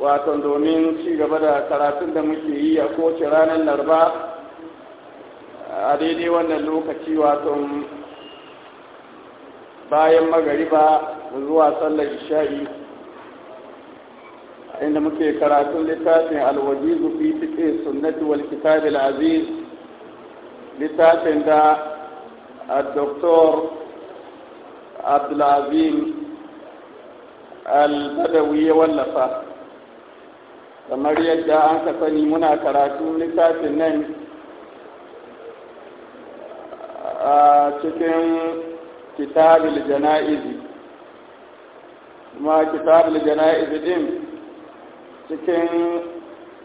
wato domin ci gaba da karatun da muke yi a kowace ranar larba a daidai wannan lokaci wato bayan magariba zuwa sallar isha'i inda muke karatun littafin alwajizu fi fiƙe sunnati wal kitabil aziz littafin da الدكتور عبد العظيم ya wallafa. kamar yadda an ka sani muna karatu littafin nan a cikin kitabul jana'izi kuma kitabul jana'izi din cikin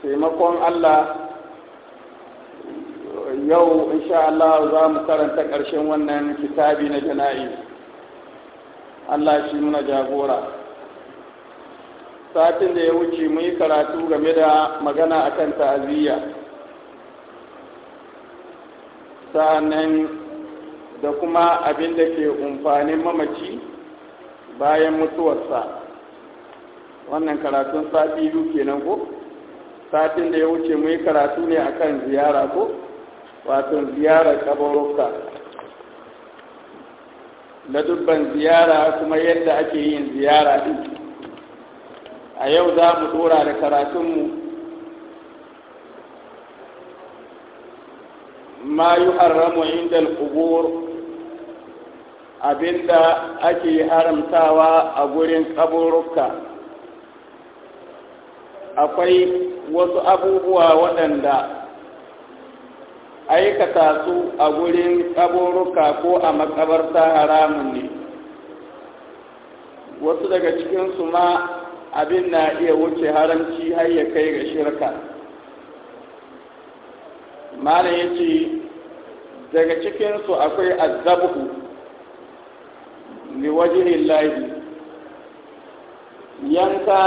taimakon Allah yau insha Allah za mu karanta ƙarshen wannan kitabi na jana'izi Allah shi muna jagora satin da ya wuce mun yi karatu game da magana akan ta'aziyya sa'annan da kuma abin da ke umfanin mamaci bayan mutuwarsa wannan karatun sati biyu kenan ko satin da ya wuce mun yi karatu ne akan ziyara ko wato ziyarar kabarukka na dubban ziyara kuma yadda ake yin ziyara din a yau za mu dora da karatunmu ma yi haramu inda al abinda ake haramtawa a gurin kaburuka akwai wasu abubuwa waɗanda aikata su a gurin kaburuka ko a makabarta haramun ne wasu daga cikinsu ma abin na iya wuce haramci har ya kai ga shirka mana ya ce daga cikinsu akwai azabuhu liwajihin lahi yanka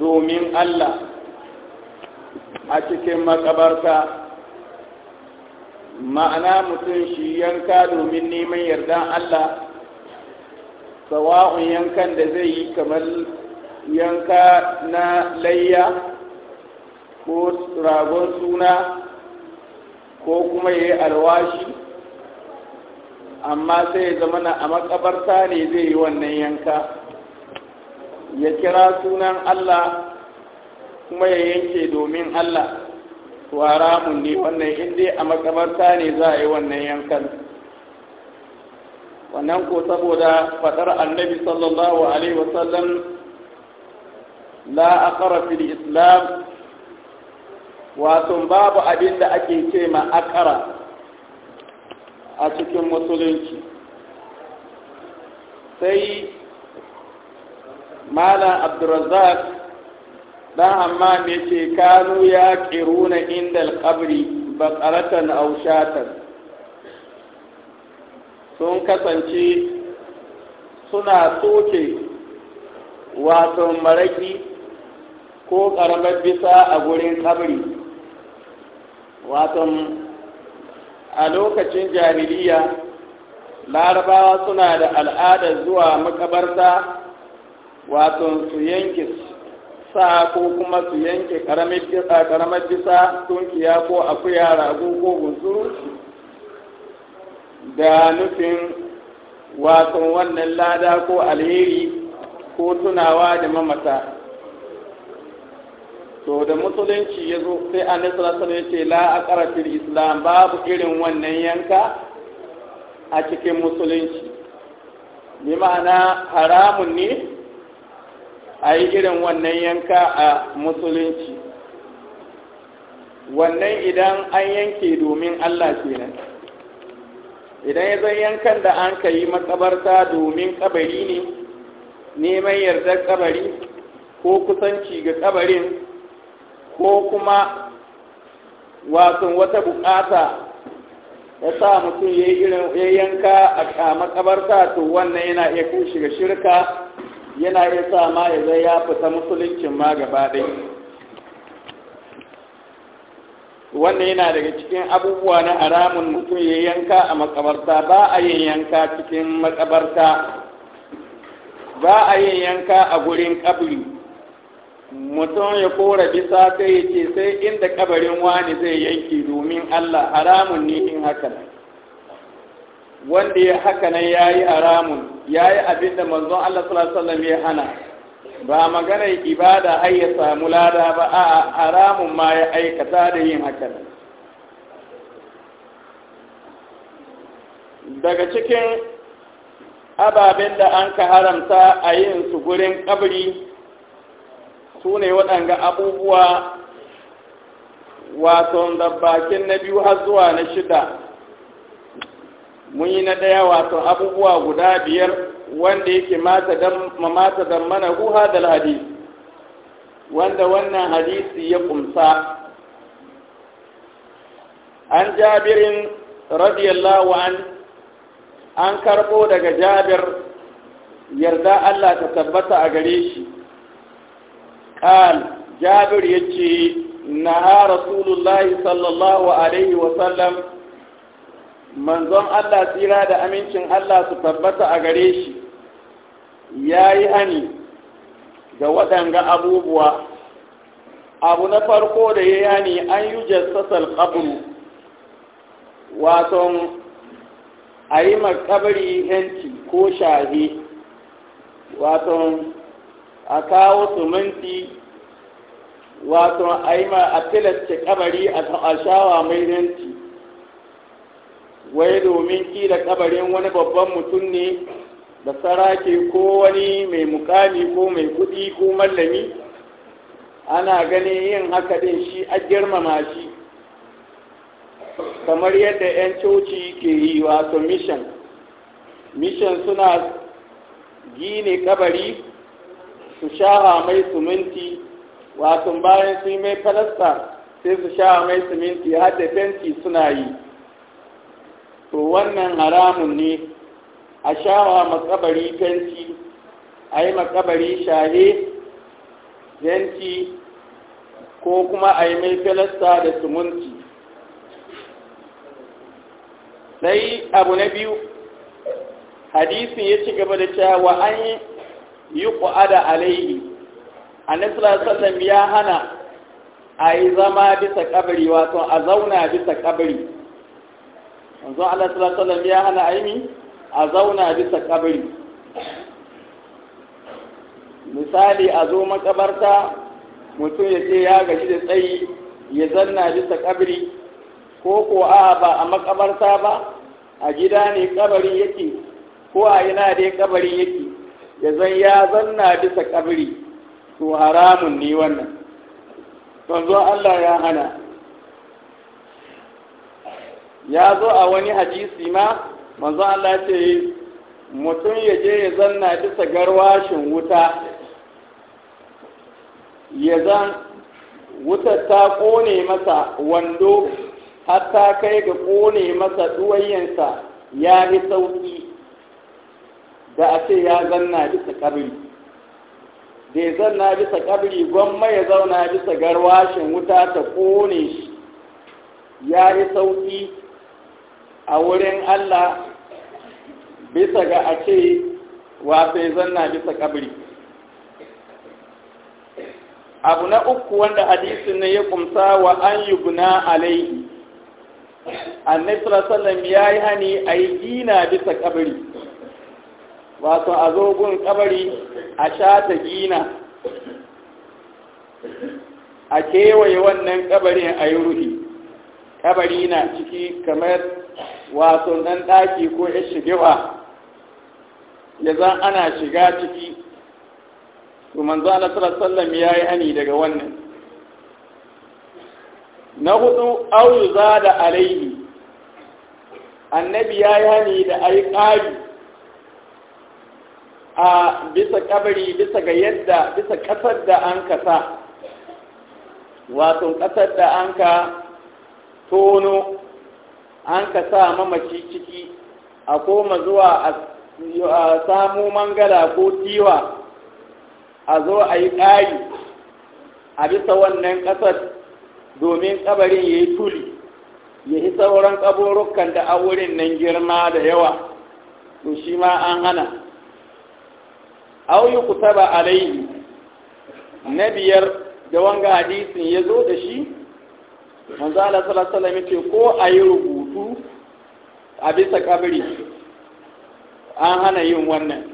domin allah a cikin makabarta ma'ana mutum shi yanka domin neman yardan allah sawa'un yankan da zai yi kamar yanka na layya ko ragon suna ko kuma ya yi alwashi amma sai ya zama na a makabarta ne zai yi wannan yanka ya kira sunan Allah kuma ya yanke domin Allah haramun ne wannan inda a makabarta ne za a yi wannan yankan wannan ko saboda fadar annabi sallallahu alaihi wasallam la aqara fil islam wato babu abin da ake ce ma akara a cikin musulunci sai malam abdulrazak dan amma ne ce kanu ya ƙiruna inda alƙabri baƙaratan aushatan sun kasance suna soke wato maraki ko ƙaramar bisa a gurin kabri wato a lokacin jahiliya larabawa suna da al'ada zuwa makabarta wato su yanke sa ko kuma su yanke ƙaramar bisa tunkiya ko akuya rago ko gunsuru da nufin wasan wannan lada ko alheri ko tunawa da mamata to da musulunci ya zo sai an nasarar ce la a ƙarafin islam babu irin wannan yanka a cikin musulunci bi ma'ana haramun ne a yi irin wannan yanka a musulunci wannan idan an yanke domin allah kenan idan ya zan yankan da an ka yi makabarta domin kabari ne neman yardar kabari ko kusanci ga kabarin ko kuma wasan wata bukata ya sa mutum ya yi yanka a makabarta to wannan yana iya kun shiga shirka yana iya sa ma ya zai ya fita musuluncin ma gaba ɗaya wannan yana daga cikin abubuwa na haramun mutum ya yanka a makabarta ba a yin yanka cikin makabarta ba a yin yanka a gurin kabri mutum ya kora bisa sai ya ce sai inda kabarin wani zai yanki domin Allah haramun ne in haka wanda ya haka nan ya yi haramun ya yi abin da manzon Allah sallallahu alaihi wasallam ya hana ba maganar ibada ai ya samu lada ba a haramun ma ya aikata da yin haka daga cikin ababen da an ka haramta a yin su gurin kabri su ne waɗanga abubuwa wato da bakin na biyu har zuwa na shida mun yi na ɗaya wato abubuwa guda biyar wanda yake mata dan mana hu hadal hadis wanda wannan hadisi ya kumsa an jabirin radiyallahu an an karbo daga jabir yarda Allah ta tabbata a gare shi qal jabir yace naha rasulullahi sallallahu alaihi wa sallam manzon Allah tsira da amincin Allah su tabbata a gare shi ya yi hani da waɗanga abubuwa abu na farko da ya yi hani an yi jasasar ƙabru waton a yi makabari yanci ko shahi waton a kawo suminti waton a yi ma a filasta kabari a shawa mai yanci wai domin kila kabarin wani babban mutum ne da sarake ko wani mai mukami ko mai kuɗi ko mallami ana ganin yin haka din shi a girmama shi kamar yadda 'yan coci ke yi wato mission mission suna gine kabari su shaha mai suminti wato bayan su mai falasta sai su shaha mai suminti har da fenti suna yi to wannan haramun ne a shawa makabari fenti a yi makabari shahe yanci ko kuma a yi mai filasta da sumunci sai abu na biyu hadisin ya ci gaba da cewa an yi ƙwa'ada alaihi a nasarar ya hana a yi zama bisa kabari wato a zauna bisa kabari Wanzu Allah sallallahu alaihi ya hana aini a zauna bisa kabari misali a zo makabarta mutum ya ce ya gaji da tsayi ya zanna bisa kabari ko ko a ba a makabarta ba a gida ne kabari yake ko a yana dai kabari yake ya zan ya zanna bisa kabari to haramun ne wannan Wanzu Allah ya hana ya zo a wani hadisi ma manzo Allah ce mutum ya je ya zanna bisa garwashin wuta ya zan wutar ta kone masa wando har ta kai ga kone masa duwayensa ya yi sauki da a ce ya zanna bisa kabiri da ya zanna bisa kabiri gwamma ya zauna bisa garwashin wuta ta kone shi ya yi sauki a wurin Allah bisa ga a ce wasai zanna bisa kabri abu na uku wanda hadisin ne ya kumsa wa an yi guna alaihi annabi sallam ya yi hani a yi gina bisa kabri wato a zogun kabari a shata gina a kewaye wannan kabarin a yi ruhi kabari na ciki kamar wato ɗan ɗaki ko ya shigewa ya za ana shiga ciki to manzo Allah sallallahu ya yi ani daga wannan na hudu au da alaihi annabi ya yi hani da ai ƙari a bisa kabari bisa ga yadda bisa ƙasar da an kasa wato ƙasar da an ka tono an ka sa mamaci ciki a koma zuwa a samu mangala ko tiwa a zo a yi ƙari a bisa wannan ƙasar domin ƙabarin ya yi tuli ya yi sauran ƙaburukan da a wurin nan girma da yawa to shi ma an hana auyi kutaba alaihi na biyar da wanga hadisin ya zo da shi manzo Allah sallallahu alaihi ce ko a yi a bisa kabiri an hana yin wannan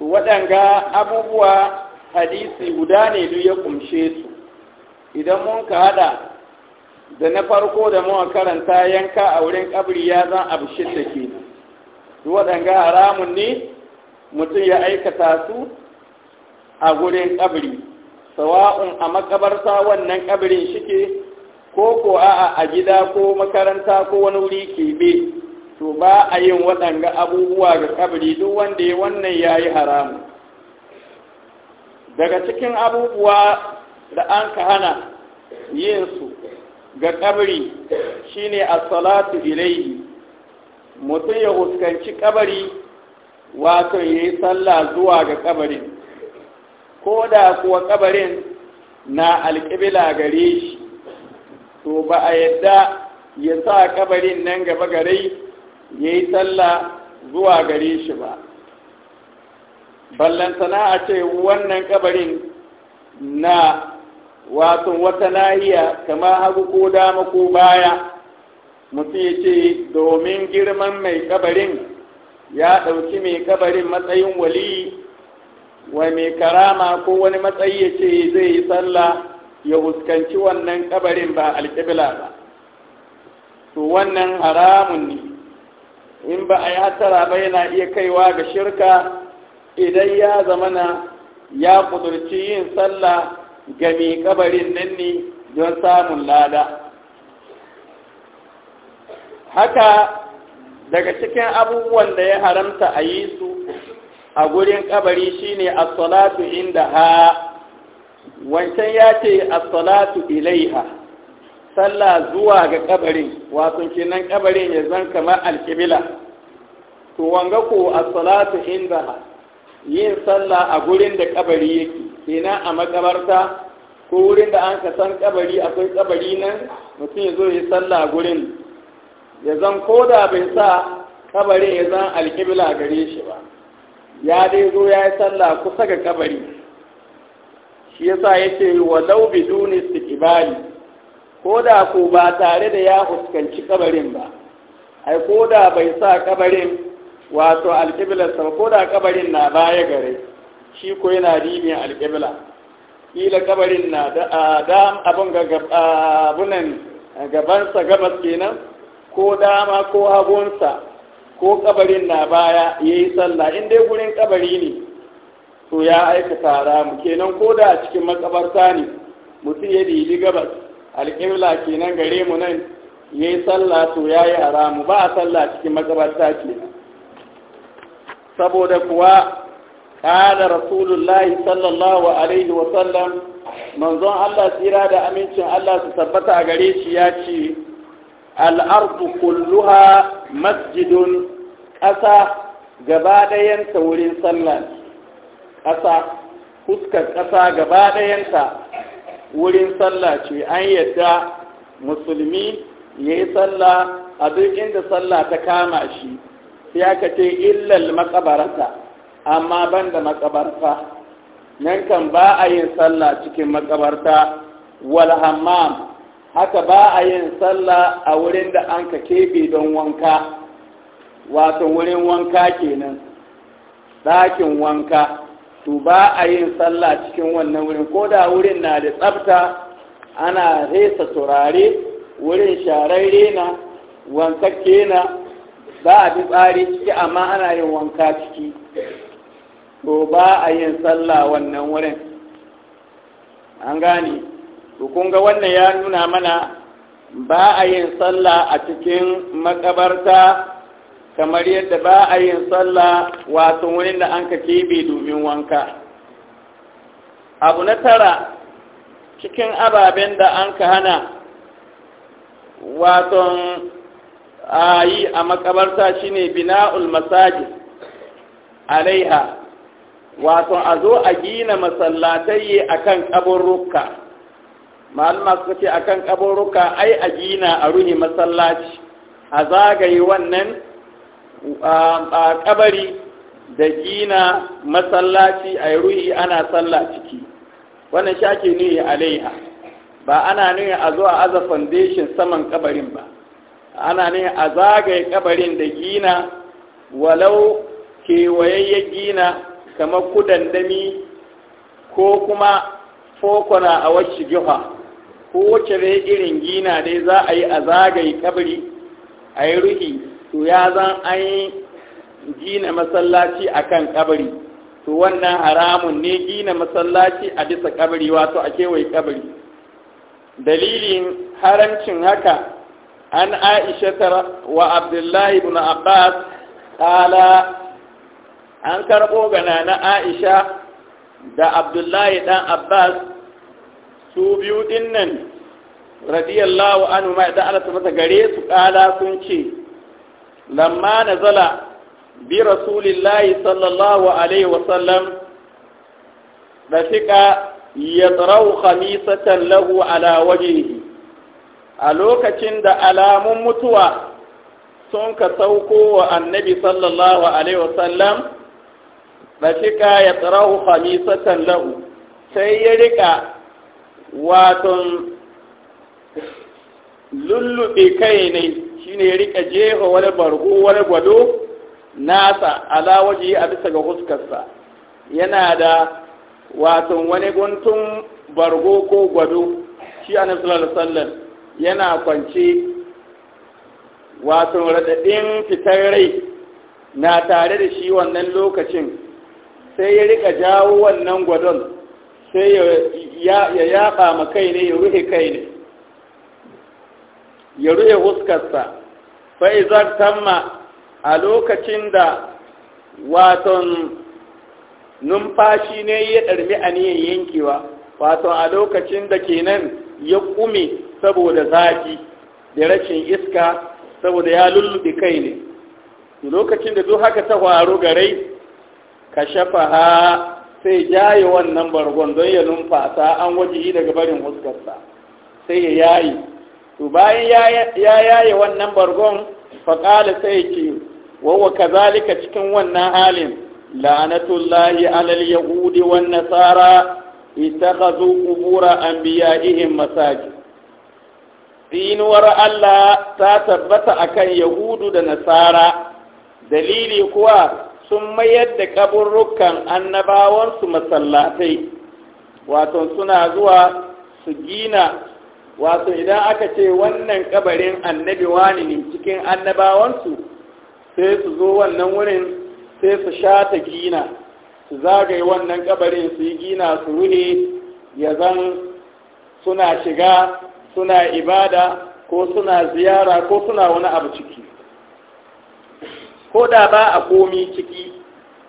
waɗanga abubuwa hadisi guda ne duk ya kumshe su idan mun ka hada da na farko da muka karanta yanka a wurin kabiri ya zan abu da ke waɗanga haramun ne mutum ya aikata su a wurin kabiri sawa'un a makabarta wannan kabirin shike ko ko a'a a gida ko makaranta ko wani wuri ke be to ba a yin waɗanga abubuwa ga kabari duk wanda ya wannan ya yi haramu daga cikin abubuwa da an ka hana yinsu ga shi shine a salatu Ilaihi, mutum ya huskanci kabari wato ya yi sallah zuwa ga kabarin ko da kuwa kabarin na alƙibila gare shi to ba a yadda ya sa kabarin nan gaba gare ya yi sallah zuwa gare shi ba ballantana a ce wannan kabarin na wato wata nahiya kama hagu ko dama ko baya mutu ya ce domin girman mai kabarin ya ɗauki mai kabarin matsayin wali wa mai karama ko wani matsayi ya ce zai yi sallah ya huskanci wannan kabarin ba alƙibla ba to wannan haramun ne in ba a yi ba yana iya kaiwa ga shirka idan ya zamana ya kudurci yin sallah ga mai kabarin nan ne don samun lada haka daga cikin abubuwan da ya haramta a yi su a gurin kabari shine a salatu inda ha wancan ya ce a salatu ilaiha sallah zuwa ga kabarin wato kenan kabarin ya zan kamar alkibila to wanga ko a salatu inda yin sallah a gurin da kabari yake ina a makabarta ko wurin da an ka san kabari akwai kabari nan mutum ya zo ya sallah a gurin ya zan koda bai sa kabari ya zan alkibila gare shi ba ya dai zo ya yi sallah kusa ga kabari shi yasa yace walau biduni istiqbali ko da ko ba tare da ya fuskanci kabarin ba ai ko da bai sa kabarin wato alqibla sa ko da kabarin na baya gare shi ko yana dibin alqibla kila kabarin na da adam abun ga abunan gabansa gabas kenan ko dama ko hagunsa ko kabarin na baya yayi sallah in dai gurin kabari ne to ya aikata haramu kenan ko da a cikin makabarta ne mutum ya dili gabas alƙibla kenan gare mu nan ya yi sallah to ya yi haramu ba a sallah cikin matsabarta kenan saboda kuwa ƙada rasulullahi sallallahu alaihi wasallam manzon allah tsira da amincin allah su tabbata a gare shi ya ce al'ardu kulluha masjidun ƙasa gaba ɗayan wurin sallah ƙasa fuskar ƙasa gaba ɗayanta wurin sallah ce an yadda musulmi ya yi sallah a duk inda sallah ta kama shi sai aka ce illal makabarta amma ban da makabarta nan kan ba a yin sallah cikin makabarta wal hammam haka ba a yin sallah a wurin da an ka kebe don wanka wato wurin wanka kenan ɗakin wanka to ba a yin sallah cikin wannan wurin ko da wurin na da tsafta ana resa turare wurin shararre na wankakke na ba a bi tsari ciki amma ana yin wanka ciki to ba a yin sallah wannan wurin an gane to kun ga wannan ya nuna mana ba a yin sallah a cikin makabarta kamar yadda ba a yin sallah wato wurin da an ka kebe domin wanka abu na tara cikin ababen da an ka hana wato a yi a makabarta shine bina'ul masajid alaiha wato a zo a gina masallatai a kan ƙaburruka malama suka ce a kan ƙaburruka ai a gina a ruhi masallaci a zagaye wannan A kabari da gina masallaci a ruhi ana sallah ciki wannan shake ne a laiha ba ana ne a zuwa aza foundation saman kabarin ba ana ne a zagaye kabarin da gina walau kewayayyen gina kamar kudandami ko kuma fokona a wacce jiha ko wacce irin gina dai za a yi a zagaye kabari a yi ruhi to ya zan an gina masallaci a kan kabari to wannan haramun ne gina masallaci a bisa kabari wato a kewaye kabari dalilin haramcin haka an aishatar wa abdullahi ibn abbas kala an karɓo gana na aisha da abdullahi dan abbas su biyu dinnan radiyallahu anhu ma da Allah ta gare su kala sun ce lamma nazala bi rasulillahi sallallahu alaihi wasallam rafika yadrau khamisatan lahu ala wajhihi a lokacin da alamun mutuwa sun ka sauko wa annabi sallallahu alaihi wasallam rafika yadrau khamisatan lahu sai ya riƙa watan lullube kai ne shine ya rika jefa wani bargo wani gwado nasa ala waje a bisa ga huskarsa yana da wato wani guntun bargo ko gwado shi a nasarar sallar yana kwance wato raɗaɗin fitar rai na tare da shi wannan lokacin sai ya rika jawo wannan gwadon sai ya yaƙa ma kai ne ya ruhe kai ne ya ruye huskarsa fa'izar tamma a lokacin da waton numfashi ne ya ɗarmi aniyan yankewa wato a lokacin da kenan ya ƙume saboda zafi da rashin iska saboda ya lullubi kai ne lokacin da duk haka ta faru garai ka shafa ha sai jaye wannan bargon don ya numfasa an waje yi daga barin huskarsa sai ya yayi to bayan ya yaye wannan bargon faƙala sai ce wawa zalika cikin wannan halin la'anatullahi alal yahudi wan nasara an biya anbiya'ihim masajid dinuwar Allah ta tabbata akan yahudu da nasara dalili kuwa sun mayar da kaburrukan annabawansu masallatai wato suna zuwa su gina wato idan aka ce wannan kabarin annabi wani ne cikin annabawansu sai su zo wannan wurin sai su sha ta gina su zagaye wannan kabarin su yi gina su ruhe ya zan suna shiga suna ibada ko suna ziyara ko suna wani abu ciki ko da ba a komi ciki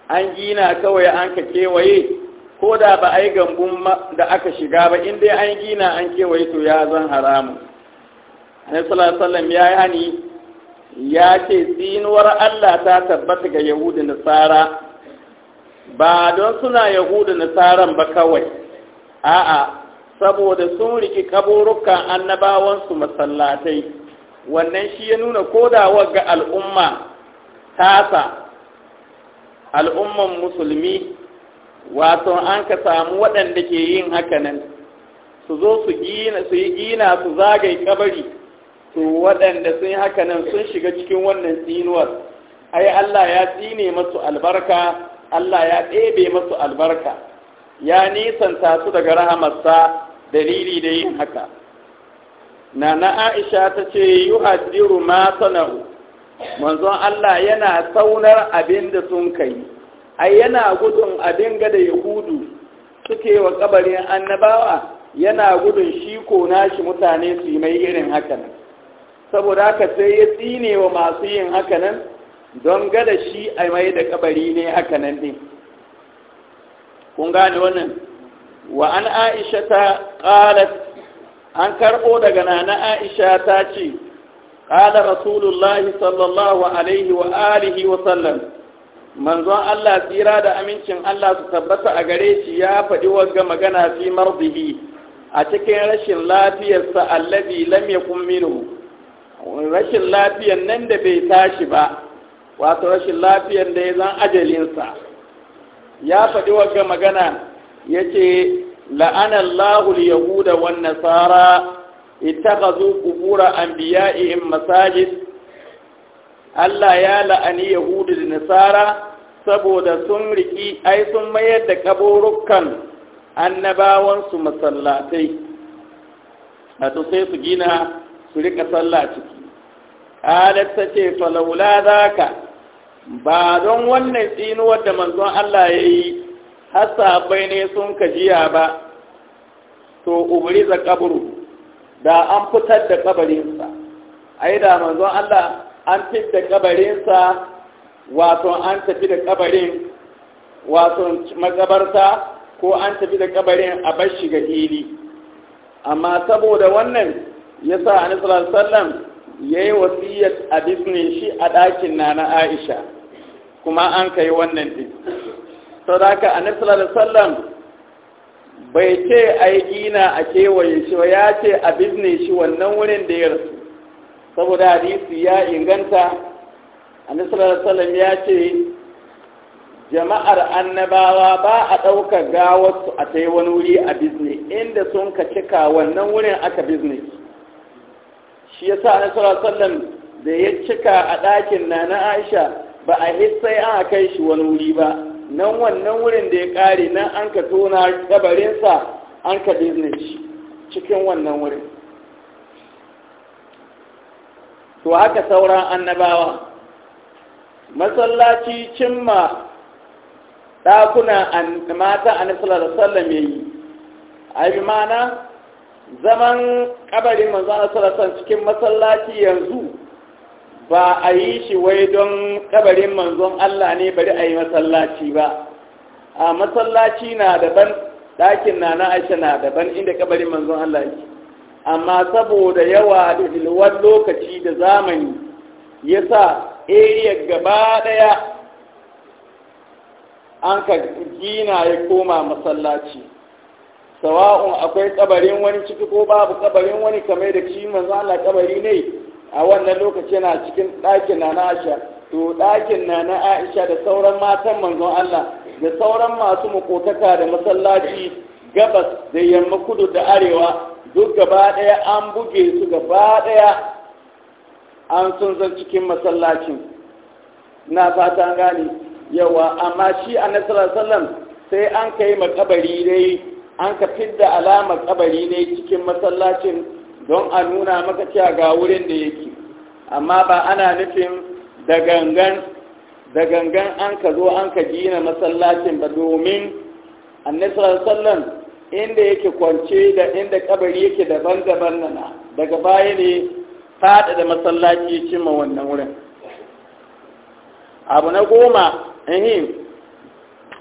an gina kawai an ka kewaye ko da ba a yi gambun da aka shiga ba in dai an gina an kewaye to ya zan haramu annabi ya yi hani ya ce tsinuwar Allah ta tabbata ga yahudu nasara ba don suna yahudu nasaran ba kawai a'a saboda sun riki kaburukan annabawansu masallatai wannan shi ya nuna ko da ga al'umma tasa al'umman musulmi wato an ka samu waɗanda ke yin hakanan su zo su yi gina su zagaye kabari to waɗanda sun yi hakanan sun shiga cikin wannan tsinuwar ai Allah ya tsine masu albarka Allah ya ɗebe masu albarka ya nisanta su daga rahamarsa dalili da yin haka na na aisha ta ce yi hadiru ma manzon Allah yana saunar abin da sun kai ai yana gudun abin gada yahudu suke wa kabarin annabawa yana gudun shi ko nashi mutane su yi mai irin hakanan saboda haka sai ya tsine wa masu yin hakanan don gada shi a mai da kabari ne hakanan din kun gane wannan wa an aisha ta qalat an karbo daga nana aisha ta ce qala rasulullahi sallallahu alaihi wa alihi wa sallam manzon Allah tsira da amincin Allah su tabbata a gare shi ya faɗi wagga magana fi mardihi a cikin rashin lafiyarsa allazi lam yakun minhu rashin lafiyar nan da bai tashi ba wato rashin lafiyar da ya zan ajalinsa ya faɗi wagga magana ya ce la'anallahu yahuda wan nasara ittakhadhu qubura anbiya'ihim masajid Allah ya la'ani Yahudu da Nasara saboda sun riki ai sun mayar da kaburukan annabawansu masallatai a sai su gina su rika sallah ciki alat ta ce falaula zaka ba don wannan tsinuwar da manzon Allah ya yi har ne sun kajiya ba to za kaburu da an fitar da kabarinsa ai da manzon Allah an fitta kabarinsa wato an tafi da kabarin wato makabarta ko an tafi da kabarin a bar shi ga hili amma saboda wannan ya sa a nasarar sallam ya yi wasiyar a disney shi a ɗakin na na aisha kuma an kai wannan din sau da ka a sallam bai ce a yi gina a kewaye shi ya ce a disney shi wannan wurin da ya rasu saboda hadisi ya inganta annabi sallallahu ya ce jama'ar annabawa ba a ɗauka gawarsu a ta wani wuri a bizni inda sun ka cika wannan wurin aka bizni shi yasa annabi sallallahu alaihi da ya cika a ɗakin na na Aisha ba a hissai an kai shi wani wuri ba nan wannan wurin da ya ƙare nan an ka tona kabarinsa an ka bizni cikin wannan wurin to haka sauran annabawa masallaci cimma ɗakuna mata a nasarar sallam ya yi a yi mana zaman ƙabarin manzo a nasarar cikin masallaci yanzu ba a yi shi wai don ƙabarin manzon Allah ne bari a yi masallaci ba a masallaci na daban ɗakin na na aisha na daban inda ƙabarin manzon Allah yake amma saboda yawa da hilwar lokaci da zamani ya sa ya gaba ɗaya an ka gina ya koma masallaci sawa'un akwai kabarin wani ciki ko babu kabarin wani kamar da shi manzo Allah kabari ne a wannan lokaci yana cikin ɗakin na Aisha to ɗakin na na Aisha da sauran matan manzon Allah da sauran masu makotaka da masallaci gabas da yamma kudu da arewa duk gaba ɗaya an buge su gaba ɗaya an sun zan cikin masallacin na fata gani yawa amma shi a nasarar sallam sai an ka yi makabari dai an ka fidda alamar kabari ne cikin masallacin don a nuna maka cewa ga wurin da yake amma ba ana nufin da gangan da gangan an ka zo an ka gina masallacin ba domin annisar sallan. inda yake kwance da inda kabari yake daban-daban nana daga baya ne fada da masallaci ya cimma wannan wurin abu na goma ahim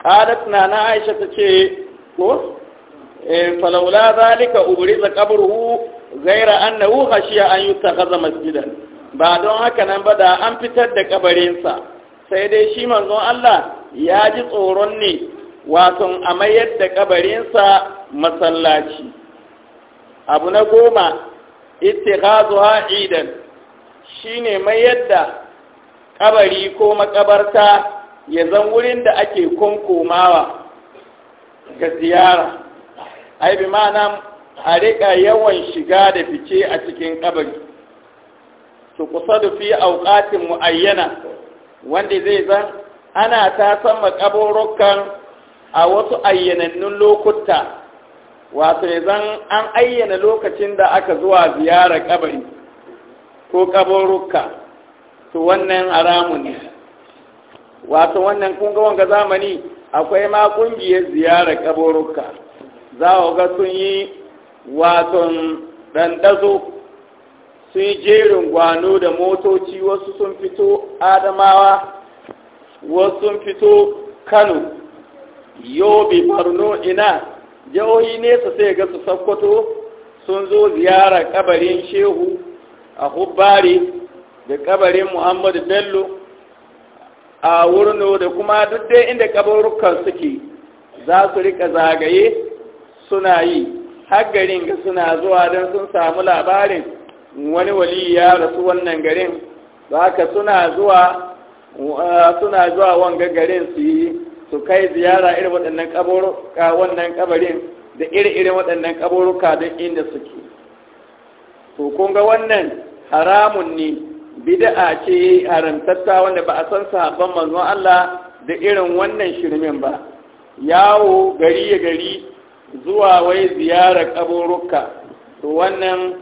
qalat na na aisha ta ce ko eh, falaula zalika za qabruhu ghaira annahu khashiya an yutakhadha masjidan ba don haka nan ba da an fitar da kabarinsa sai dai shi manzon Allah ya ji tsoron ne waton a mayar da kabarinsa masallaci abu na goma ittikhazuha idan shine mayar da kabari ko makabarta ya zan wurin da ake kunkumawa ga ziyara ai bi nan, a riƙa yawan shiga da fice a cikin kabari su kusa da fi auƙatin mu'ayyana wanda zai zan ana ta san makabarukan a wasu ayyanannun lokuta wato zan an ayyana lokacin da aka zuwa ziyara kabari ko kaburuka to wannan haramun ne wato wannan kunga wanga zamani akwai ma kungiyar ziyara kaburuka za ku ga sun yi waton dandazo sun yi jerin gwano da motoci wasu sun fito adamawa wasu sun fito kano yobe barno ina jihohi su sai ga su sakkwato sun zo ziyara kabarin shehu a hubbari da kabarin muhammadu bello a wurno da kuma duk dai inda kabarukan suke za su rika zagaye suna yi har ga suna zuwa don sun samu labarin wani wali ya rasu wannan garin ba ka suna zuwa suna wanga garin su yi su kai ziyara irin waɗannan kaburuka wannan kabarin da iri-irin waɗannan kaburuka don inda suke to kun ga wannan haramun ne bid'a ce haramtatta wanda ba a san sahabban manzo Allah da irin wannan shirmin ba yawo gari ya gari zuwa wai ziyara kaburuka to wannan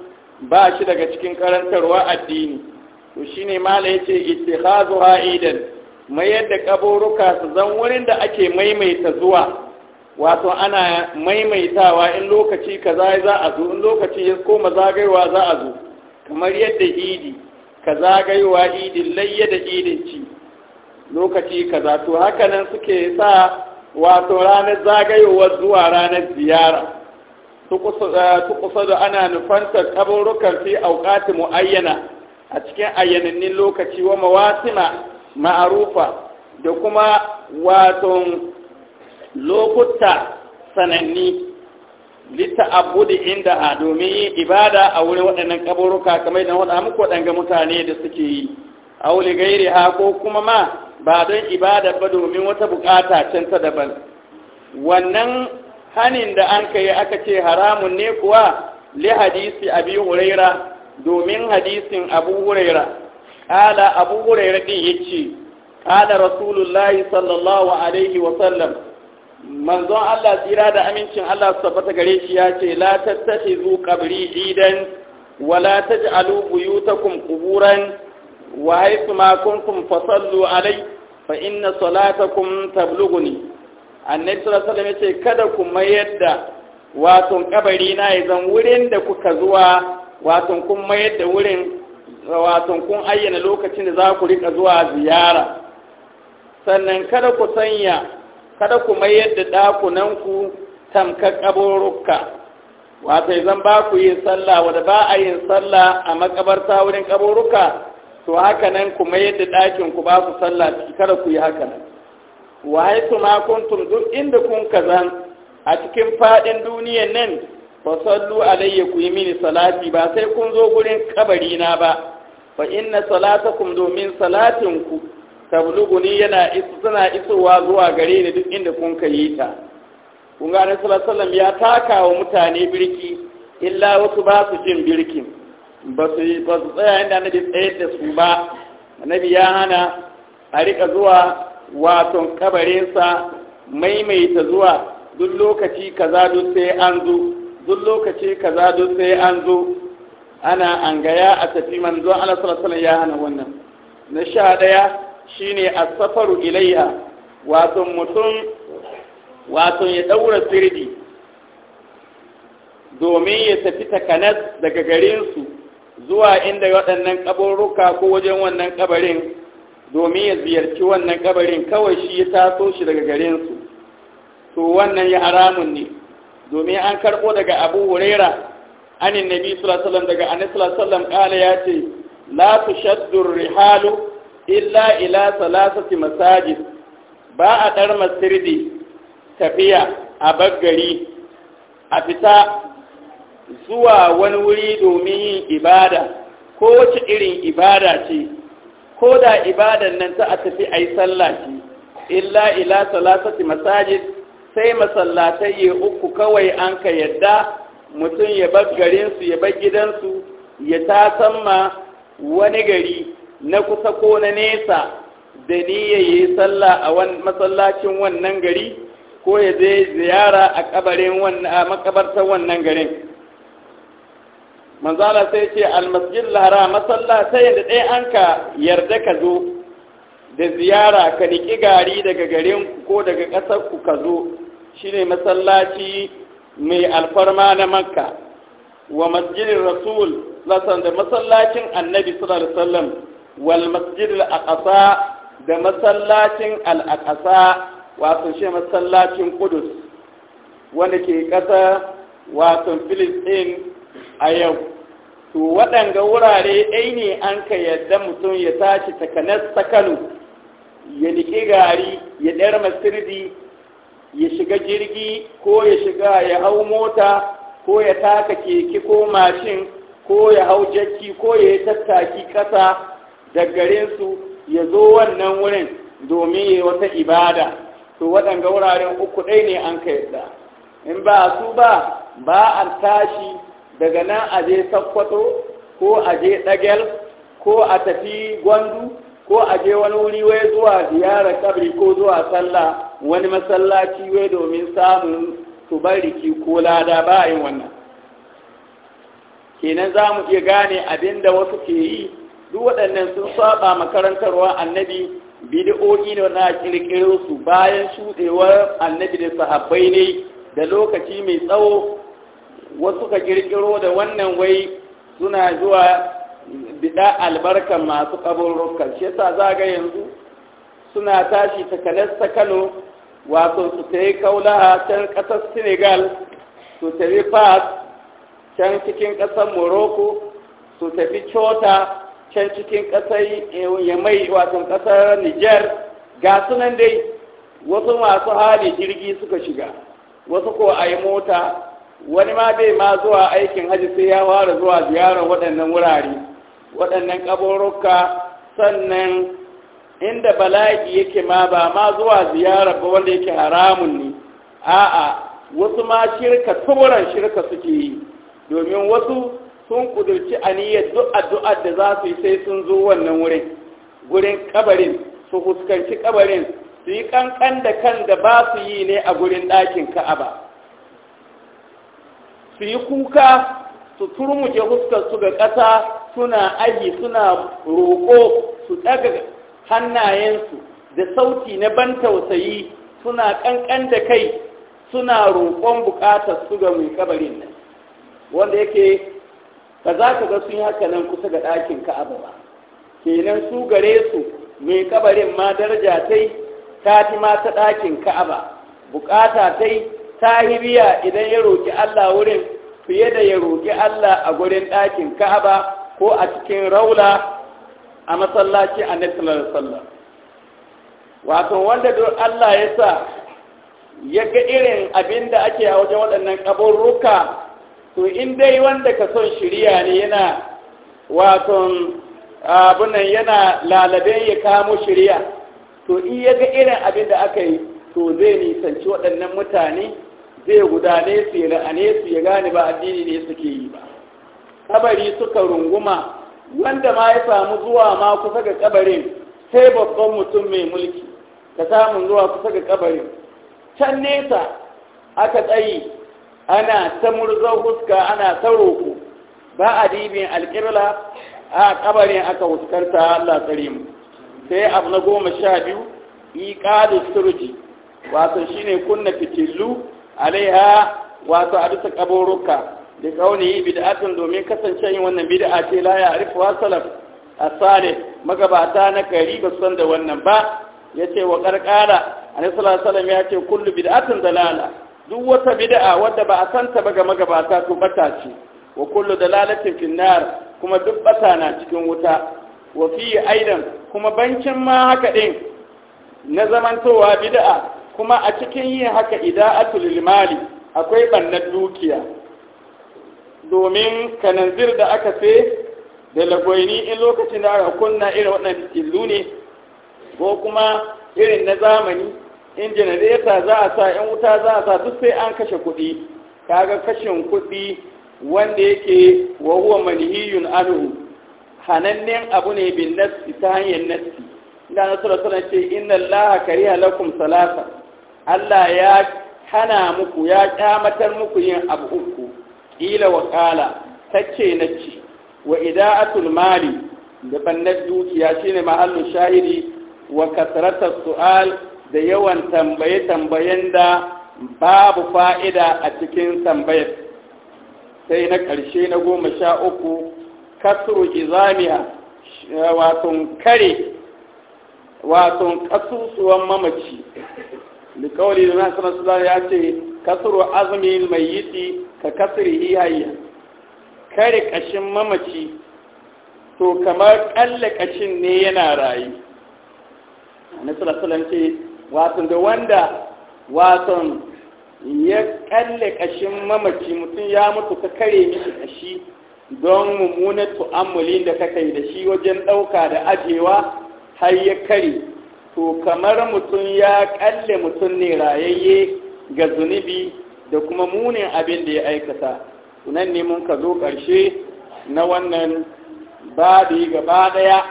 ba shi daga cikin karantarwa addini to shine mala yace ittikhadhu aidan mayar da kaburuka su zan wurin da ake maimaita zuwa wato ana maimaitawa in lokaci kaza za a zo in lokaci ya koma zagaiwa za a zo kamar yadda idi ka zagaiwa idin layya da idin ci lokaci kaza to haka nan suke sa wato ranar zagayowar zuwa ranar ziyara su kusa eh, da ana nufantar kaburukan fi aukati mu'ayyana a cikin ayyanannin lokaci wa mawasima ma'arufa da kuma waton lokuta sananni lita litta'abudi inda ha domin yin ibada a wurin waɗannan kaburuka kamar da waɗanda muku waɗanga mutane da suke yi a wuli gairi ha ko kuma ma ba don ibada ba domin wata bukata can ta daban wannan hanin da an kai aka ce haramun ne kuwa li hadisi abi huraira domin hadisin abu huraira kala abu ya din yace kala rasulullahi sallallahu alaihi wa sallam manzon Allah tsira da amincin Allah su tabbata gare shi ya ce la tattakhizu qabri idan wala taj'alu buyutakum quburan wa haythu ma kuntum fasallu alai fa inna salatakum tabluguni annabi sallallahu alaihi wasallam ya ce kada ku mayar da wato kabari na ya wurin da kuka zuwa wato kun mayar da wurin wato kun ayyana lokacin da za ku rika zuwa ziyara sannan kada ku sanya kada ku mayar da ɗakunanku tamkar kaburukka wato zan ba ku yin sallah wadda ba a yin sallah a makabarta wurin kaburuka to haka nan ku mayar da ɗakin ku ba su sallah kada ku yi haka nan wa haitu ma kuntum duk inda kun kazan a cikin faɗin duniyan nan fa sallu alayya ku yi mini salati ba sai kun zo gurin kabari na ba fa inna salatakum domin salatin ku ni yana isu tana isowa zuwa gare ni duk inda kun kai ta kun ga Annabi sallallahu ya taka wa mutane birki illa wasu ba su jin birkin ba su ba su tsaya inda Annabi tsayar da su ba Annabi ya hana a rika zuwa waton kabarinsa maimaita zuwa duk lokaci kaza duk sai an zo duk lokaci kaza duk sai an zo ana an gaya a tafi manzon Allah sallallahu alaihi ya hana wannan na sha daya shine as-safaru ilayha wato mutum wato ya daura sirdi domin ya tafi takanas daga garin su zuwa inda waɗannan kaburuka ko wajen wannan kabarin domin ya ziyarci wannan kabarin kawai shi ya taso shi daga garin su to wannan ya haramun ne domin an karɓo daga abu huraira anin nabi sallallahu daga anas sallallahu kala ya ce la shaddun rihalu illa ila salasati masajid ba a dar masirdi tafiya a baggari a fita zuwa wani wuri domin yin ibada ko wace irin ibada ce ko da ibadan nan ta a tafi a yi sallah ce illa ila salasati masajid sai masallatai ya uku kawai an ka yadda mutum ya bar garinsu ya bar gidansu ya tasama wani gari na kusa ko na nesa da niyya ya yi sallah a masallacin wannan gari ko ya zai ziyara a makabartar wannan garin manzala sai ce almasjid lahara masallatai da ɗaya an ka yarda ka zo da ziyara ka niki gari daga garin ko daga ƙasar ku ka zo shine masallaci mai alfarma na makka wa masjidin rasul lasan da masallacin annabi sallallahu alaihi wasallam wal masjidil aqsa da masallacin al aqsa wato shi masallacin qudus wanda ke kasa wato filistin a yau to waɗanga wurare ɗai ne an ka yadda mutum ya tashi takanas ta kano ya niƙi gari ya ɗar masirdi ya shiga jirgi ko ya shiga ya hau mota ko ya taka keke ko mashin ko ya hau jakki ko ya yi tattaki ƙasa da garinsu ya zo wannan wurin domin ya wata ibada to waɗanga wuraren uku ɗai ne an ka yadda in ba su ba ba a tashi daga nan je sakkwato ko a je ɗagel ko a tafi gwandu ko a je wani wuri wai zuwa ziyara kabri ko zuwa sallah wani masallaci wai domin samun tubariki ko lada ba yin wannan kenan za mu iya gane abin da wasu ke yi duk waɗannan sun saba makarantarwa annabi bidi'o'i ne na kirkiro su bayan shuɗewar annabi da sahabbai ne da lokaci mai tsawo wasu ka kirkiro da wannan wai suna zuwa bida albarkan masu kaburrukan shi yasa za yanzu suna tashi ta kalasta kano wato su ta yi kaulaha can ƙasar senegal su tafi fas can cikin ƙasar morocco su tafi cota can cikin ƙasar yamai wato ƙasar niger ga sunan dai wasu masu hali jirgi suka shiga wasu ko a yi mota wani ma bai ma zuwa aikin hajji sai ya fara zuwa ziyarar waɗannan wurare waɗannan kaburruka sannan inda bala'i yake ma ba ma zuwa ziyara ba wanda yake haramun ne a'a wasu ma shirka tsoron shirka suke yi domin wasu sun kudurci aniyar duk du'a da za su yi sai sun zo wannan wurin gurin kabarin su fuskanci ƙabarin su yi kankan da kan da ba su yi ne a gurin ɗakin ka'aba su yi kuka su turmuje su ga ƙasa suna aji suna roƙo su ɗaga hannayensu da sauti na ban tausayi suna ƙanƙan da kai suna roƙon buƙatar su ga mai kabarin nan wanda yake ba za ka ga sun yi haka nan kusa ga ɗakin ka'aba ba kenan su gare su mai ƙabarin ma daraja tai ta fi ma ta ɗakin ka'aba buƙata tai ta hibiya idan ya roƙi allah wurin fiye da ya roƙi Allah a gurin ɗakin Ka'aba ko a cikin raula a masallaci a nasarar sallah wato wanda don Allah ya sa ya ga irin abin da ake a wajen waɗannan ƙaburruka to in dai wanda ka son shirya ne yana wato abunan yana lalabe ya kamo shirya to in ya ga irin abin da aka yi to zai nisanci waɗannan mutane zai gudane su ya la'ane su ya gane ba addini ne suke yi ba kabari suka runguma wanda ma ya samu zuwa ma kusa ga kabarin sai babban mutum mai mulki ka samu zuwa kusa ga kabarin can nesa aka tsayi ana ta murzon huska ana ta roƙo ba a dibin alƙirla a kabarin aka huskarta Allah tsare mu sai abu na goma sha biyu iƙadu surji wato shine kunna fitillu alaiha wato a bisa kaburuka da kauni bid'atun domin kasance yin wannan bid'a ce la ya arifu salaf asale magabata na kari ba san da wannan ba yace wa karkara annabi sallallahu alaihi wasallam yace kullu bid'atin dalala duk wata bid'a wadda ba a santa ba ga magabata to bata ce wa kullu dalalatin finnar kuma duk bata na cikin wuta wa fi aidan kuma bankin ma haka din na zamantowa bid'a kuma a cikin yin haka idan ida'atul limali akwai bannan dukiya domin kananzir da aka fi da lagwaini in lokacin da aka kunna irin wannan illu ne ko kuma irin na zamani in janareta za a sa in wuta za a sa duk sai an kashe kuɗi kaga kashin kuɗi wanda yake wahuwa huwa manhiyun hanannen abu ne bin nassi ta hanyar nassi da na sanar sura ce inna laha, kariha lakum salasa Allah ya hana muku ya kyamatar muku yin abu uku ƙila wa ƙala ce na ce wa ida'atul mali da bannar dukiya shine mahallin shahidi wa kasratar su'al da yawan tambaye-tambayen da babu fa'ida a cikin tambayar sai na ƙarshe na goma sha uku kasru izamiya waton kare waton ƙasusuwan mamaci likawali da nasu nasu ya ce kasuru azumin mai yiti ka kasiri hiyayya kare kashin mamaci to kamar kalle kashin ne yana rayu nasu nasu ce wato da wanda watan ya kalle kashin mamaci mutum ya mutu ka kare mishi kashi don mummunar tu'ammulin da ka kai da shi wajen ɗauka da ajewa har ya kare to kamar mutum ya kalle mutum ne rayayye ga zunubi da kuma munin abin da ya aikata nan ne mun ka zo ƙarshe na wannan babi gaba ɗaya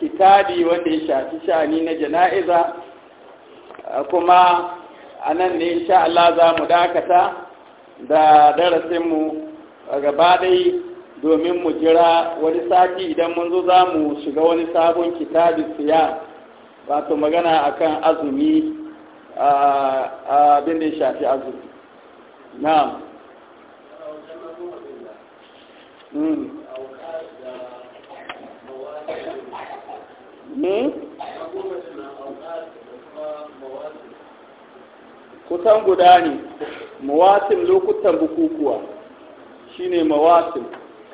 kitabi wanda ya shafi shani na jana'iza kuma a nan ne insha Allah za mu dakata da darasinmu gaba ɗaya domin mu jira wani sati idan mun zo za mu shiga wani sabon kitabin siya wato magana a kan azumi abin da ya shafi azumi na'am hmm. Hmm? kusan guda ne Mawatin lokutan bukukuwa shine mawasin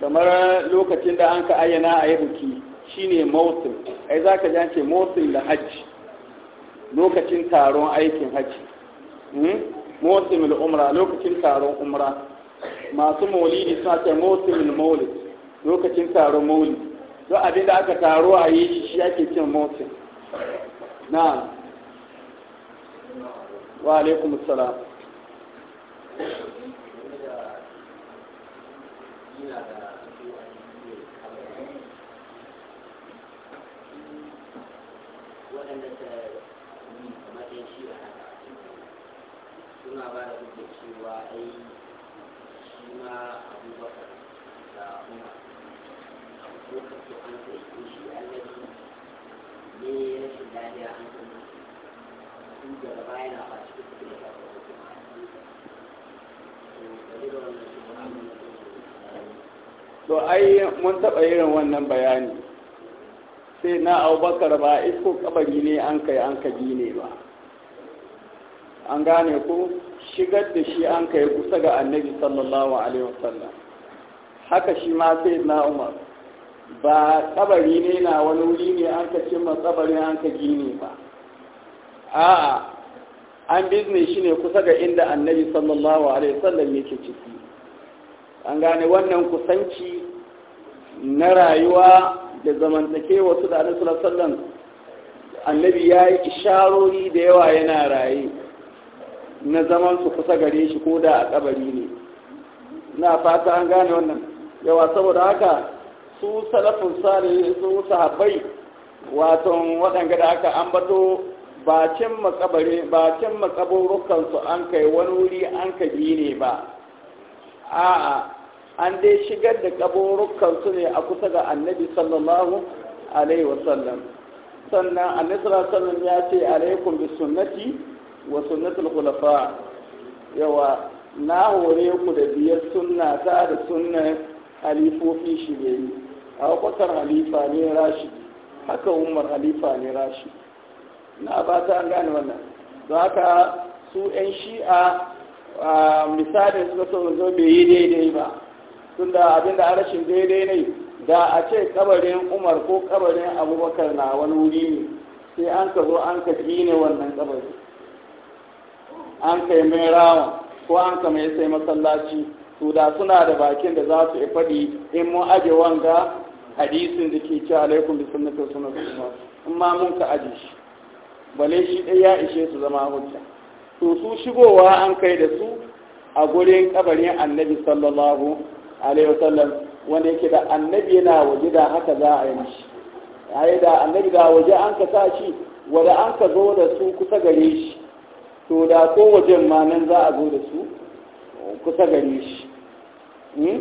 kamar lokacin da an ka ayyana a yi buki shine mawsim ai za ka jance ce da hajji lokacin taron aikin hajji motsin hmm? da umra lokacin taron umra masu maulidi suna ce mawsim maulid lokacin taron maulid don abin da aka taro a yi shi ake cin motsin na wa alaikum salam waɗanda ta yi kamar shi haka suna ba da hujjar cewa ai shi ma da an shi ne rashin an baya na ba cikin da mun taɓa irin wannan bayani sai na abubakar ba isko kabari ne an kai an ka ne ba an gane ku? shigar da shi an kai kusa ga annabi sallallahu alaihi wasallam haka shi ma sai na umar ba kabari ne na wani wuri ne an ka cimma kabari an ka gine ba a'a an bizne shi ne kusa ga inda annabi sallallahu alaihi wasallam yake ciki an gane wannan kusanci na rayuwa da zamantake wasu da annabi sallallahu alaihi annabi ya yi isharori da yawa yana raye na zaman su kusa gare shi ko da a kabari ne na fata an gane wannan yawa saboda haka su salafin sare su sahabbai waton waɗanga da aka ambato ba cin makabare ba cin makaburukan an kai wani wuri an ka ne ba a'a an dai shigar da kaburukansu ne a kusa ga annabi sallallahu alaihi wasallam sannan annabi sallallahu alaihi ya ce alaikum bi sunnati wa sunnatul khulafa yawa na hore ku da biyar sunna ta da sunnar halifofi shigeri kwatar halifa ne rashi haka umar halifa ne rashi na ba ta an gane wannan don haka su 'yan shi'a misalin suka so zo bai yi daidai ba tunda abinda a rashin daidai ne da a ce kabarin umar ko kabarin abubakar na wani wuri ne sai an ka zo an ka gine wannan kabari an ka yi mai rawa ko an ka mai sai masallaci to da suna da bakin da za su yi faɗi in mun aje wanga hadisin da ke ci alaikum bi sunnatin sunnatin in ma mun ka aje shi bale shi ɗaya ya ishe su zama hujja to su shigowa an kai da su a gurin kabarin annabi sallallahu alaihi wasallam wanda yake da annabi yana waje da haka za a yi mishi ai da annabi da waje an ka sa shi wanda an ka zo da su kusa gare shi to da ko wajen ma nan za a zo da su kusa gare shi hmm?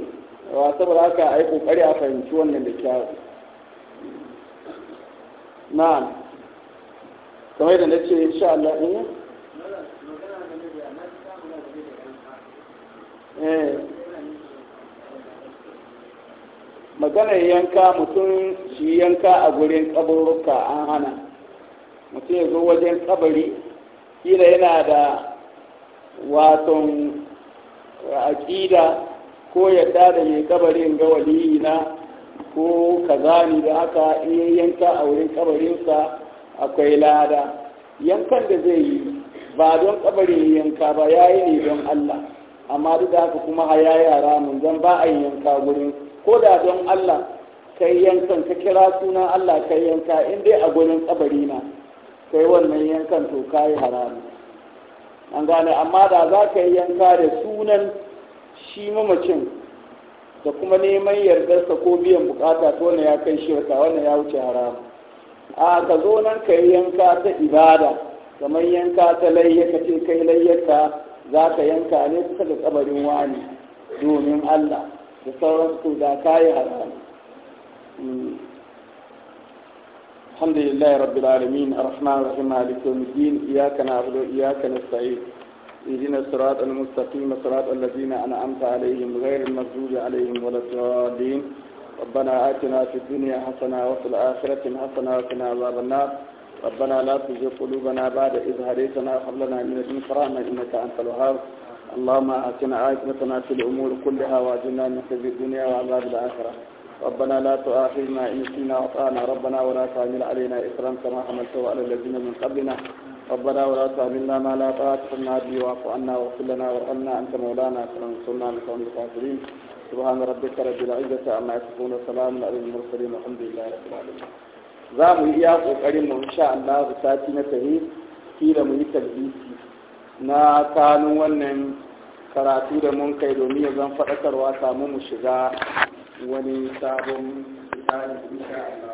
saboda haka ai kokari a fahimci wannan da kyau na'am kamar yadda na ce insha Allah in eh, eh. maganar yanka mutum shi yanka a gurin kaburuka an hana mutum ya zo wajen kabari kila yana da waton aƙida ko yadda da mai kabarin ga waliyina ko kazani da haka iya yanka a wurin kabarinsa akwai lada yankan da zai yi ba don kabarin yanka ba ya yi ne don allah amma duk da haka kuma haya yara mun zan ba a yanka gurin ko da don Allah kai yankan ka kira suna Allah kai yanka in dai a gurin tsabari na kai wannan yankan to kayi harami an gane amma da za ka yi yanka da sunan shi mamacin da kuma neman yardarsa ko biyan bukata to wannan ya kai shi, wata wannan ya wuce haramu a ka zo nan ka yi yanka ta ibada kamar yanka ta layya ka ce kai layyaka, za ka yanka ne kusa da tsabarin wani domin Allah الحمد لله رب العالمين الرحمن الرحيم مالك يوم الدين إياك نعبد وإياك نستعين اهدنا الصراط المستقيم صراط الذين أنعمت عليهم غير المغضوب عليهم ولا الضالين ربنا آتنا في الدنيا حسنة وفي الآخرة حسنة وقنا عذاب النار ربنا لا تزغ قلوبنا بعد إذ هديتنا وهب لنا من لدنك رحمة إنك أنت الوهاب اللهم أتنا عاقبتنا في الأمور كلها واجنا من خزي الدنيا وعذاب الآخرة ربنا لا تؤاخذنا إن نسينا وأطعنا ربنا ولا تعمل علينا إسرا كما حملت على الذين من قبلنا ربنا ولا تعملنا ما لا طاقة لنا به واعف عنا واغفر لنا وارحمنا أنت مولانا فانصرنا من قوم الكافرين سبحان ربك رب العزة عما يصفون السلام على المرسلين والحمد لله رب العالمين za mu yi إن شاء الله insha Allah كيلا na البيت na kanun wannan karatu da mun kai domin ya zan faɗakarwa samu mu shiga wani sabon tsari